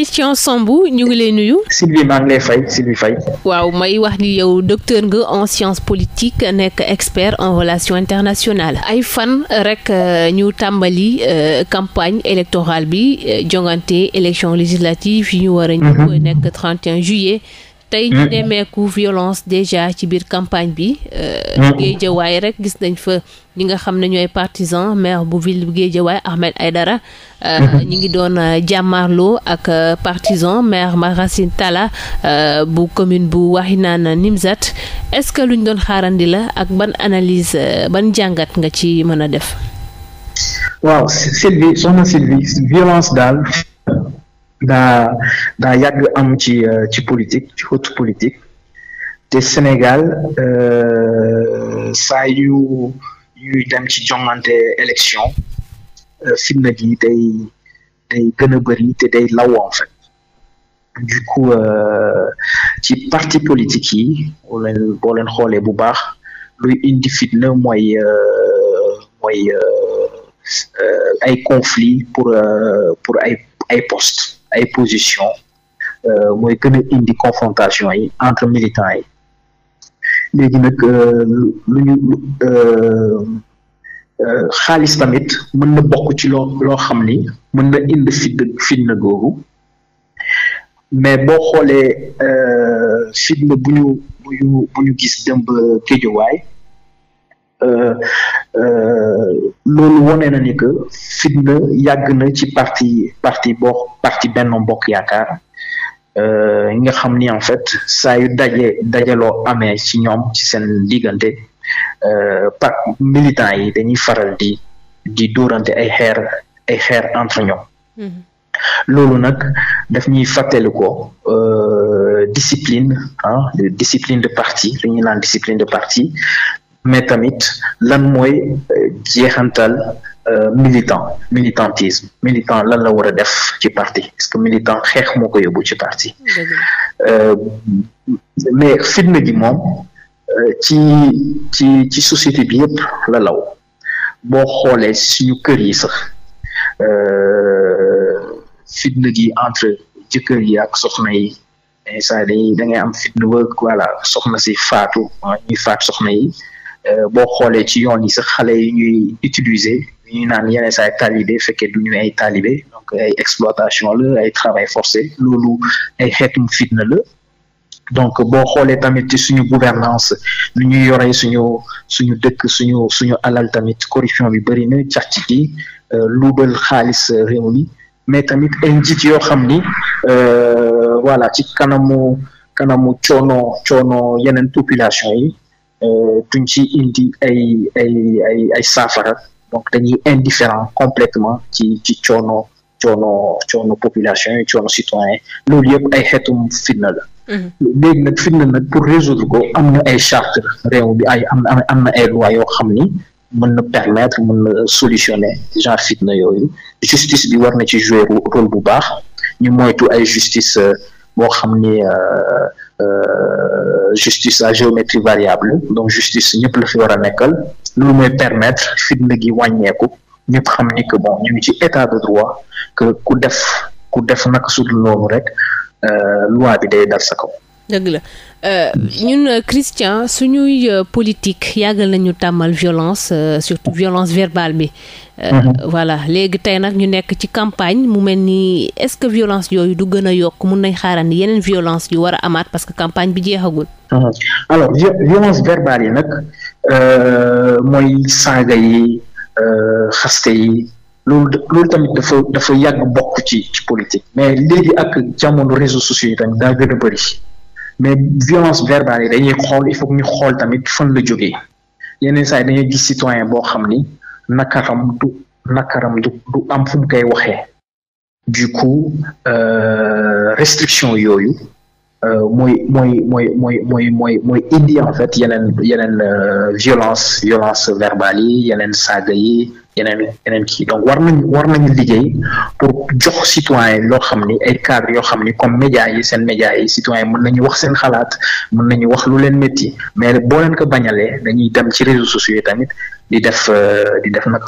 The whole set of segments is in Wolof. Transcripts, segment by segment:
Christian Sambou ñu ngi lay nuyu. Sylvie maa ngi lay fay Sylvie Faye. waaw may wax ni yow docteur nga en sciences politiques nekk expert en relations internationales ay fan rek euh, ñu tàmbali euh, campagne électoral bi euh, jongante élection législative yi ñu war a. Mhm. nekk juillet. tey ñu nemmeeku mm. violence déjà ci biir campagne bi euh, mm. Guédiawaye rek gis nañ fa ñi nga xam ne ñooy partisan maire bu ville bu Guédiawaye ay dara euh, mm-hmm. ñi ngi doon euh, jàmmarloo ak partisan maire Maracine Talla bu commune bu Wakhinane Nimzatt est-ce que luñ doon xaarandi la ak ban analise ban jàngat nga ci mën a def waaw Sylvie soxna Sylvie violence daal daa daa am ci euh, ci politique ci haute politique te Sénégal euh, saa yu yuy dem ci joŋante élection euh, fitna gi day day gën a te day law en fait du coup ci parti politique yi boo xoolee bu baax luy indi fitna mooy mooy ay conflit pour pour ay post ay position euh, mooy gën a indi confrontation yi entre militants yi léegi nag euh, lu ñu euh, xaalis tamit mën na bokk ci loo loo xam ni mën na indi fitna fitna googu mais boo xoolee fitna bu ñu bu ñu bu ñu gis démb Géejawaay Euh, euh, loolu wane na ni que fitna yàgg na ci parti parti boo parti Benno Bokk Yaakaar ñi euh, nga xam ni en fait saa yu daje dajaloo amee ci ñoom ci seen diggante par militants yi dañuy faral di di dóorante ay xeer ay xeer entre ñoom mm-hmm. loolu nag daf ñuy fàttali ko discipline ah discipline de parti li ñuy naan discipline de parti mais tamit lan mooy euh, jeexantal euh, militant militantisme militant lan la war a def ci parti parce que militant xeex moo ko yóbbu ci parti euh, mais fitna gi moom ci ci ci société bi yëpp la law boo xoolee suñu kër yi sax fitna gi entre jëkkër yi ak soxna yi instant da dangay am fitna ba voilà soxna si faatu ah, ñuy faat soxna yi boo xoolee ci yoon yi sax xale yi ñuy utiliser ñu naan yeneen saay talibé fekkee du ñu ay talibé donc ay exploitation la ay travail forcé loolu ay xeetum fitna la donc boo xoolee tamit suñu gouvernance lu ñuy yoree suñu suñu dëkk suñu suñu alal tamit corruption bi bëri na càcc gi euh, luubal xaalis réew mi mais tamit ay njiit yoo xam ni euh, voilà ci kanamu kanamu coono coono yeneen population yi Euh, duñ ci indi ay ay ay ay saafara donc dañuy indifférent complètement ci ci coono coono coono population yi coono citoyen loolu yëpp ay xeetum fitna la mhm. léegi nag fitna nag pour résoudre ko am ay charte réew bi ay am am na ay loi yoo xam ni mën na permettre mën na solutionner genre fitna yooyu justice bi war na ci jouer rôle bu baax ñu moytu ay justice euh, boo xam ni euh, Euh, justice à géométrie variable donc justice ñëpp la fi war a nekkal loolu mooy permettre fitna gi wàññeeku ñëpp xam ni que bon ñu ngi ci état de droit ku def ku def naka sudul noonu rek euh, loi bi day dal sa kaw dëgg la euh, ñun euh, Christian suñuy euh, politique yàggal nañu tàmmal violence surtout violence verbale bi. Mhm. voilà léegi tey nag ñu nekk ci campagne mu mel ni est-ce que violence yooyu du gën a yokk mun nañ ni yeneen violence yu war amaat parce que campagne bi jeexagul. Mhm. alors violence verbale yi nag mooy saaga yi xaste yi. loolu loolu tamit dafa dafa yàgg bokk ci ci politique mais léegi ak jamono réseaux sociaux yi tamit daa gën a mais violence verbale yi dañuy xool il faut ñu xool tamit fan la jóge yeneen saa yi dañuy gis citoyen boo xam ni nakaram du nakaram du am fu mu koy waxee du coup euh, restriction yooyu euh, mooy mooy mooy mooy mooy mooy mooy indi en fait yeneen yeneen euh, violence violence verbale yi yeneen saaga yi yeneen yeneen kii donc war nañu war nañu liggéey pour jox citoyen loo xam ni ay cadre yoo xam ni comme média yi seen média yi citoyen mën nañu wax seen xalaat mën nañu wax lu leen métti mais boo leen ko bañalee dañuy dem ci réseaux sociaux tamit di def euh, di def naka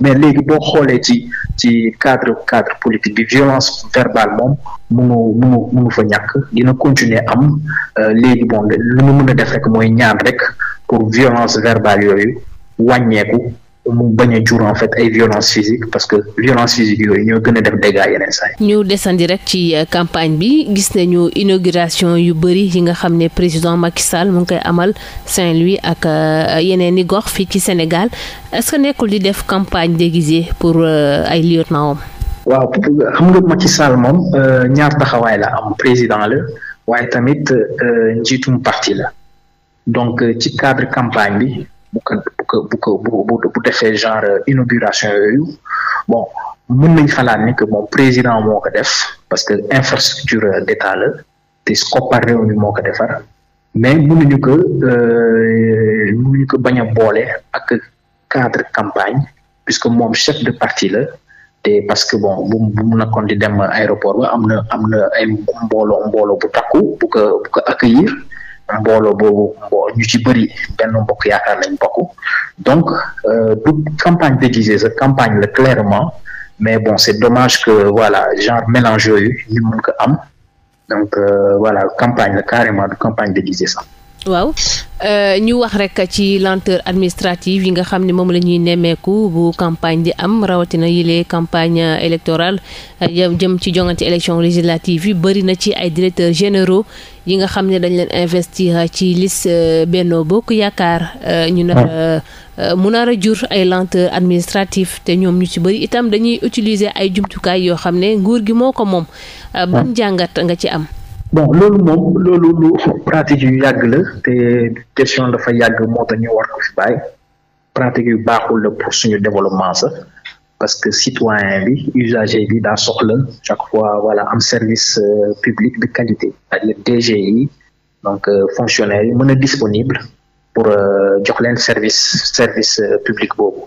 mais léegi boo xoolee ci ci cadre cadre politique bi violence verbale moom munu munu munu fa ñàkk dina continuer am euh, léegi bon lu mu mën a def rek mooy ñaan rek pour violence verbale yooyu wàññeeku mu bañ a jur en fait ay violence physique parce que violence physique yooyu ñoo gën a def dégâts yeneen saa ñu desandi rek ci euh, campagne bi gis nañu inauguration yu bëri yi nga xam ne président Macky Sall mu ngi koy amal Saint-Louis ak euh, yeneen i gox fii ci Sénégal est que nekkul di def campagne déguisée pour euh, ay lieutenant waaw xam nga Macky Sall moom ñaar taxawaay la am président la waaye tamit njiitum parti la donc ci cadre campagne bi bu ko bu ko bu bu defee genre inauguration yooyu bon mën nañ xalaat ni que moom président moo ko def parce que infrastructure d'État la te koppar réew moo ko defar mais mënuñu ko euh, mënuñu ko bañ a boole ak cadre campagne puisque moom chef de parti la te parce que bon bu bu mu nekkoon di dem aéroport ba am na am na ay mbooloo mbooloo bu takku bu ko bu ko accueillir mbooloo boobu bon ñu ci bëri benn mbokk yaakaar lañ bokk donc euh, du campagne déguisée sa campagne la clairement mais bon c'est dommage que voilà genre mélange yooyu ñu ko am donc euh, voilà campagne la carrément du campagne déguisée sax waaw euh, ñu wax rek ci lenteur administrative yi nga xam ni moom la ñuy nemmeeku bu campagne di am rawatina yi yile campagne électorale euh, jëm ci jongante élection législative yi bëri na ci ay directeurs générau yi nga xam ne dañ leen investir ci liste euh, Benno Bokk Yaakaar ñu nar a mu nar a jur ay lenteur administrative te ñoom ñu ci bëri itam dañuy utiliser ay jumtukaay yoo xam ne nguur gi moo ko moom ban jàngat nga ci am bon loolu moom loolu lu pratique yu yàgg la te question dafa yàgg moo tax ñu war ko fi bàyyi pratique yu baaxul la pour suñu développement sax parce que citoyen bi usager bi daa soxla chaque fois voilà am service euh, public de qualité c'est-à-dire DG yi donc euh, fonctionnaire yi mën a disponible pour euh, jox leen service service public boobu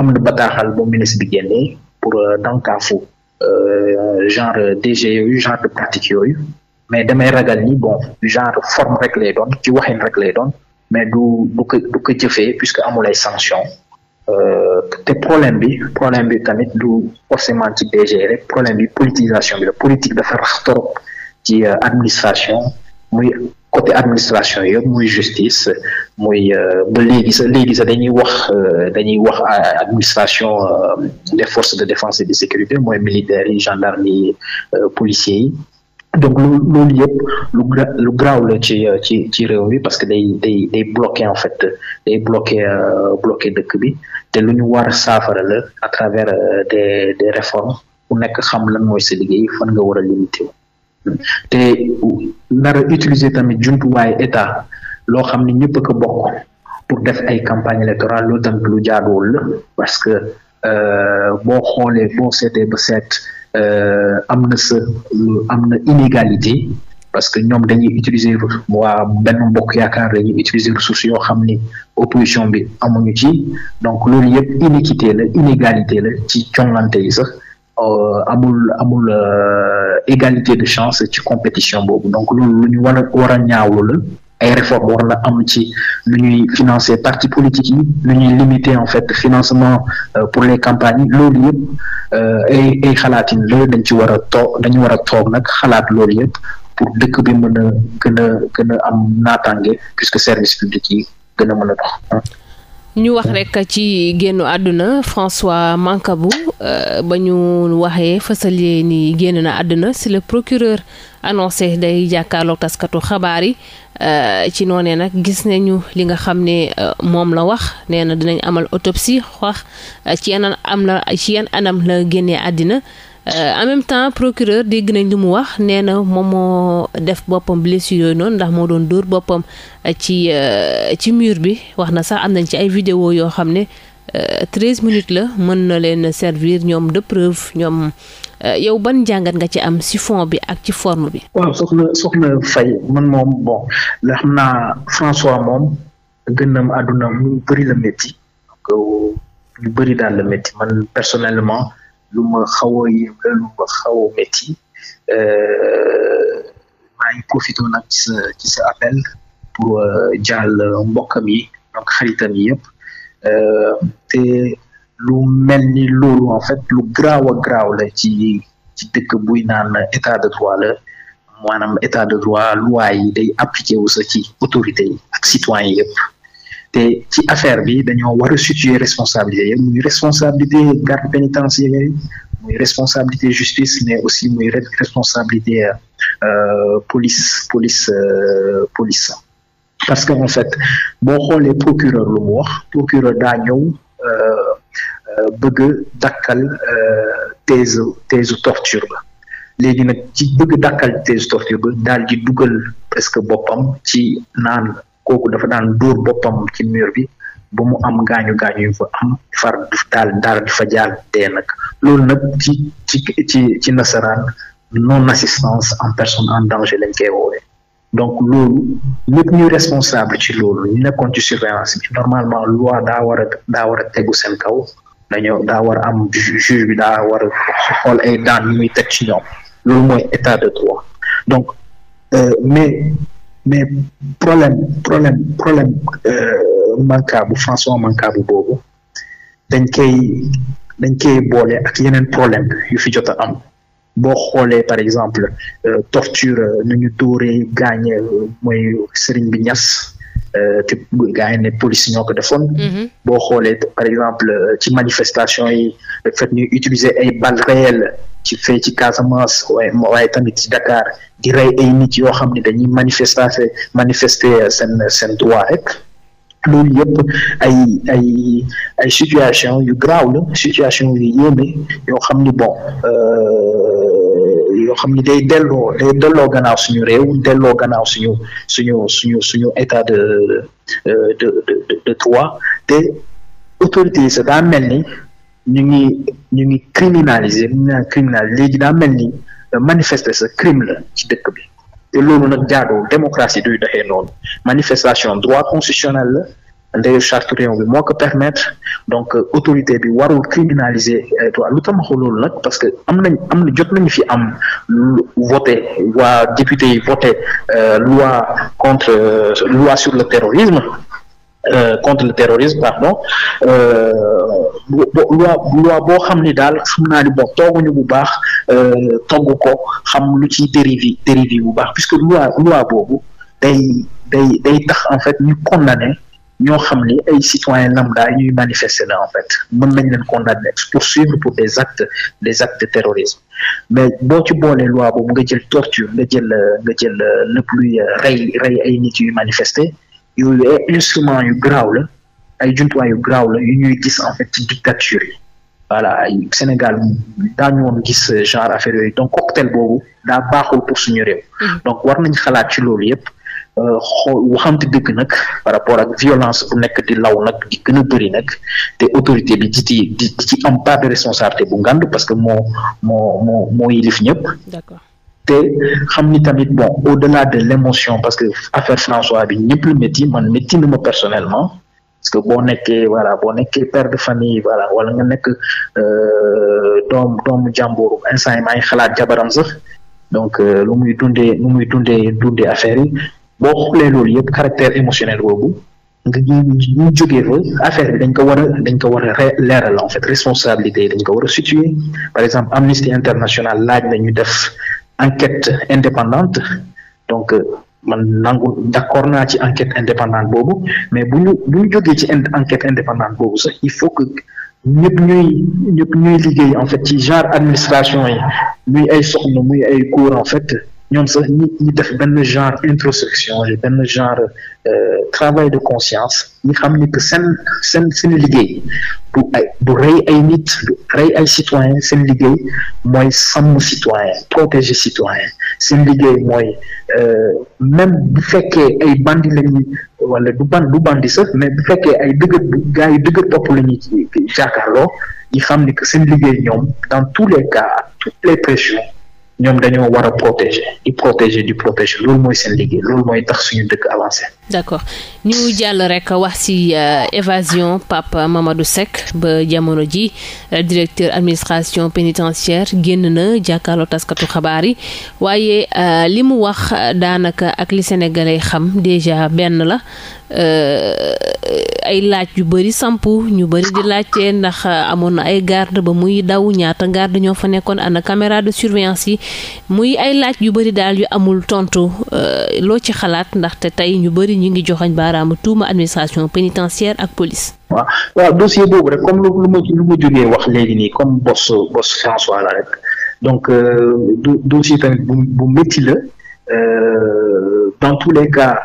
am na bataaxal bu ministre bi génnee pour dankafu Euh, genre euh, DG yooyu genre de pratique yooyu mais damay ragal ni bon genre forme rek lay doon ci waxin rek lay doon mais du du ko du ko jëfee puisque amul ay sanction euh, te problème bi problème bi tamit du forcément ci DG rek problème bi politisation bi la politique dafa rax torop ci administration muy côté administration yëpp muy justice muy euh, ba léegi sa léegi sax dañuy wax euh, dañuy wax administration euh, des forces de défense et de sécurité mooy militaires yi gendarmes yi policiers yi donc loolu loolu yëpp lu gra lu graaw la ci ci ci réew mi parce que day day bloqué en fait day bloqué bloqué dëkk bi te lu ñu war a saafara la à travers des des réformes ku nekk xam lan mooy sa liggéey fan nga war a te nar a utiliser tamit jumtuwaayu état loo xam ni ñëpp a bokk pour def ay campagne électorale loolu tamit lu jaaduwul la parce que euh, boo xoolee boo seetee ba seet euh, am na sa am na inégalité parce que ñoom dañuy utiliser waa benn mbokk yaakaar dañuy utiliser ressources yoo xam ni opposition bi amuñu ci donc loolu yëpp iniquité la inégalité la ci jongante yi sax Euh, amul amul euh, égalité de chance ci compétition boobu donc loolu lu ñu war a war a ñaawlu la ay réformes war na am ci lu ñuy financer partis politiques yi lu ñuy limiter en fait financement euh, pour les campagnes loolu yëpp ay ay xalaatin la dañ ci war a toog dañu war a toog nag xalaat loolu yëpp pour dëkk bi mën a gën a gën a am naataange puisque service public yi gën a mën a dox. ñu wax rek ci génn àdduna François Mancabou euh, ba ñu waxee fësalee ni génn na àdduna si le procureur annoncé day jàkkaarloog taskatu xabaar yi euh, ci noonee nag gis nañu li nga xam ne euh, moom la wax nee na dinañ amal autopsie wax ci yenn am la ci yan anam la génnee àddina Euh, en même temps procureur dégg nañ lu mu wax nee na moom moo def boppam blessure yooyu noonu ndax moo doon dóor boppam euh, ci euh, ci mur bi wax na sax am nañ ci ay vidéo yoo xam ne treize minutes la mën na leen servir ñoom de preuve ñoom yow ban jàngat nga ci am si fond bi ak ci forme bi. waaw soxna soxna Faye man moom bon la xam naa François moom gënnam àdduna mu bëri la métti donc ñu bëri daal la métti man personnellement. lu ma xaw a yéem la lu ma xaw a métti euh, maa ngi profité ci sa ci sa appel pour euh, jàll mbokkam yi donc xaritam yi yëpp euh, te lu mel ni loolu en fait lu graaw a graaw la ci ci dëkk buy naan état de droit la maanaam état de droit loi yi day appliqué wu sa ci autorité yi ak citoyen yëpp te ci affaire bi dañoo war a situer responsabilité i muy responsabilité garde pénitentiaire muy responsabilité justice mais aussi muy responsabilité euh, police police euh, police parce que en fait boo xoolee procureur lu mu wax procureur daa ñëw euh, euh, bëgg dakkal euh, thèse thèse torture ba léegi nag ci bëgg dakkal thèse torture ba daal di dugal presque boppam ci naan kooku dafa daan dóor boppam ci mur bi ba mu am gaañu gaañu yu fa am far daal daal fa jaal dee nag loolu nag ci ci ci ci nasaraan non assistance en personne en danger lañ koy woowee donc loolu lépp ñuy responsable ci loolu ñu nekkoon ci surveillance bi normalement loi daa war daa war a tegu seen kaw dañoo daa war a am juge bi daa war xool ay daan yu muy teg ci ñoom loolu mooy état de droit donc euh, mais mais problème problème problème euh, Mancabou façon Mancabou boobu dañ koy dañ koy boole ak yeneen problème yu fi jot a am boo xoolee par exemple euh, torture nu ñu dóoree gaañe euh, mooy sëriñ bi ñas te gaa yi ne police ñoo ko defoon. Mm-hmm. boo xoolee par exemple ci manifestation yi le fait ñuy utiliser ay balles ci fee ci Casamance waaye waaye tamit ci Dakar di rey ay nit yoo xam ne dañuy manifester manifester seen seen droit rek loolu yëpp ay ay ay situation yu graaw la situation yu yéeme yoo xam ni bon euh, yoo xam ni day delloo day delloo ganaaw suñu réew delloo gannaaw suñu suñu suñu suñu état de euh, de de de droit te autorités yi daa mel ni ñu ngi ñu ngi criminaliser ñu naan criminal léegi daa mel ni manifester sa crime la ci dëkk bi te loolu nag jaadoo démocratie duy doxee noonu manifestation droit constitutionnel la ndeyu charte réew bi moo ko permettre donc euh, autorité bi warul criminaliser euh, droit lu tax loolu nag parce que am nañ am na jot nañu fi am voté waa député yi voté euh, loi contre loi sur le terrorisme Euh, contre le terrorisme pardon euh, loi loi boo xam ne daal xam naa ni bon tooguñu bu baax euh, togg ko xam lu ci dérivé dérivé bu baax puisque loi boobu day day day tax en fait ñu condamné ñoo xam ni ay citoyens lambda ñuy manifester la en fait mën nañ leen condamner poursuivre pour des actes des actes de terrorisme mais boo ci boolee loi boobu nga jël torture nga jël nga jël lépp luy rey rey ay nit yuy manifester yooyu ay instrument yu garaaw la ay jumtuwaay yu la yu ñuy gis en fait ci dictature yi voilà ay Sénégal daañu woon gis euh, genre affaire yooyu donc cocktail boobu daa baaxul pour suñu réew. Mm-hmm. donc war nañ xalaat ci loolu yëpp. Euh, xool waxante dëgg nag par rapport ak violence bu nekk di law nag di gën a nag te autorité bi di ci di ci am part de responsabilité bu ngand parce que moo moo moo yilif ñëpp. te xam ni tamit bon au-delà de l'émotion parce que affaire François bi ñëpp lu métti man métti na ma personnellement parce que boo nekkee voilà boo nekkee père de famille voilà wala nga nekk euh, doom doomu jàmbur instant yi xalaat jabaram sax donc euh, lu muy dundee lu muy dundee dundee affaire yi boo xoolee loolu yëpp caractère émotionnel boobu nga ñu fa affaire bi dañ ko war a dañ ko war a leeral en fait responsabilité yi dañ ko war a situer par exemple Amnesty International laaj na def enquête indépendante donc euh, man nangu d'accord naa ci enquête indépendante boobu mais bu ñu bu ñu jógee ci enquête indépendante boobu sax il faut que ñëpp ñuy ñëpp ñuy liggéey en fait ci genre administration yi muy ay soxna muy ay cour en fait ñoom sax ñi ñi def benn genre introspection benn genre euh, travail de conscience ñi xam ni que seen seen liggéey du ay du rey ay nit rey ay citoyen seen liggéey mooy sàmm citoyen protéger citoyen seen liggéey mooy euh, même bu fekkee ay bandi la wala du ban du bandi sax mais du fekkee ay dëgër gars yi dëgër topp la ñuy jàkkaarloo ñi xam ni que seen liggéey ñoom dans tous les cas toutes les pressions ñoom dañoo war a protéger di protéger di loolu mooy seen liggéey loolu mooy tax suñu dëkk avancé. d'accord ñu jàll rek wax ci euh, évasion Pape Mamadou Seck ba jamono ji euh, directeur administration pénitentiaire génn na jàkkaarloo taskatu xabaar yi waaye euh, li mu wax daanaka ak li sénégalais xam déjà benn la Euh, ay laaj yu bëri samp ñu bëri di laajte ndax euh, amoon na ay garde ba muy daw ñaata garde ñoo fa nekkoon ana caméra de surveillance yi muy ay laaj yu bëri daal yu amul tontu euh, loo ci xalaat ndaxte tey ñu bëri ñu ngi joxañ baaraamu tuuma administration pénitentiaire ak police. waaw waaw dossier boobu rek comme lu ma lu ma jógee wax léegi nii comme Boss Boss François la rek donc dossier tamit bu bu la dans tous les cas.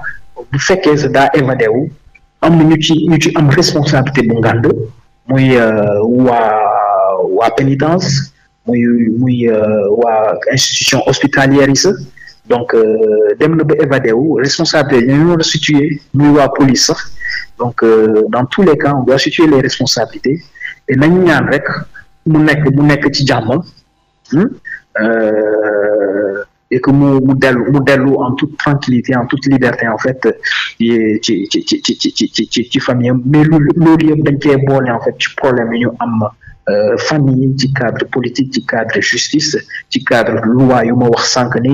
bu fekkee sa daa évadé wu am na ñu ci ñu ci am responsabilité bu ngànd muy euh, waa waa pénitence muy muy euh, waa institution hospitalière yi sa donc euh, dem na ba évadé wu responsabilité ñu war a situer muy waa police sax donc dans tous les cas on situer les responsabilités te nañu ñaan rek mu nekk mu nekk ci jàmm hmm? et que mu mu dellu mu dellu en toute tranquillité en toute liberté en fait ci ci ci ci ci ci ci famille mais loolu loolu yëpp dañ cee boole en fait ci problème yi ñu am euh, famille ci cadre politique ci cadre justice ci cadre loi yu ma sànq ni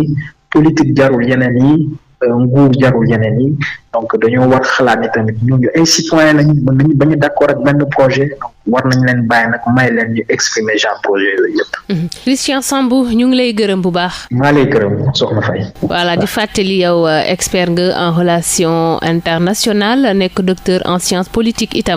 politique jarul yeneen Euh, nguur jarul yeneen yi donc dañoo war xalaat ni tamit ñooñu ay citoyen lañu mën nañu bañ a ak benn projet war nañ leen bàyyi nag may leen ñu exprimer genre projet yooyu yëpp. Mhm. Christian Sambou ñu ngi lay gërëm bu baax. maa lay gërëm soxna Faye. voilà di fàttali yow euh, expert nga en relation internationale nekk docteur en sciences politiques itam.